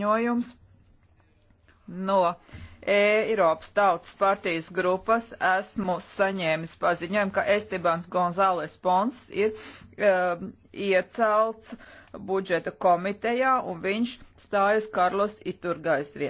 ziņojums no Eiropas Tautas partijas grupas esmu saņēmis paziņojumu, ka Estibans Gonzāles Pons ir um, iecelts budžeta komitejā un viņš stājas Karlos Iturgais vietā.